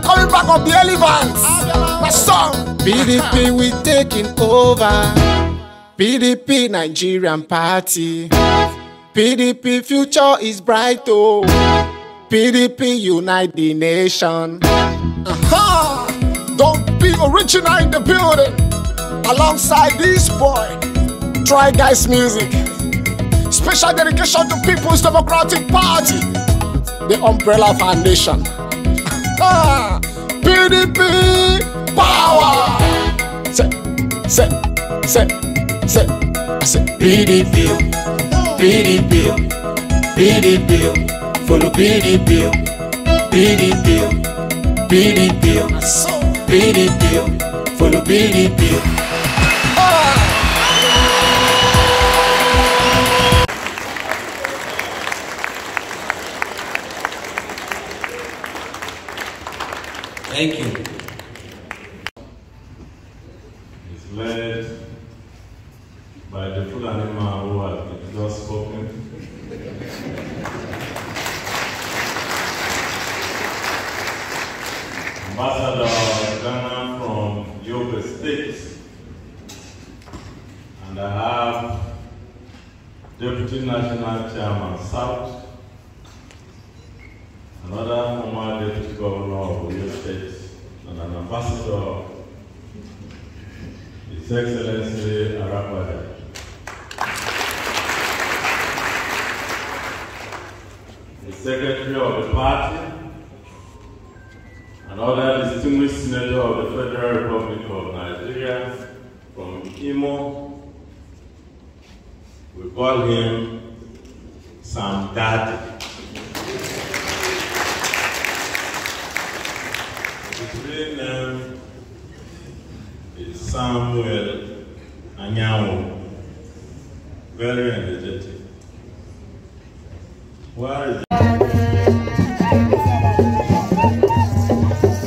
the coming back of the elephants. My song. PDP, we taking over. PDP, Nigerian party. PDP, future is bright, oh. PDP, unite the nation. Aha! Uh-huh. Don't be original in the building. Alongside this boy, Try Guys Music. Special dedication to People's Democratic Party, the Umbrella Foundation. Ah, PDP Power! Se, se, se, se, se. PDP, PDP, PDP, follow PDP, PDP, PDP, PDP, follow PDP. Thank you. It's led by the Fulanima who has just spoken. Ambassador of Ghana from Yoga State. And I have Deputy National Chairman South, another former Deputy Governor Ambassador, His Excellency Arambade. The Secretary of the Party, and other distinguished Senator of the Federal Republic of Nigeria from Imo, we call him Sam Daddy. Samuel Anyanwu, very energetic. it?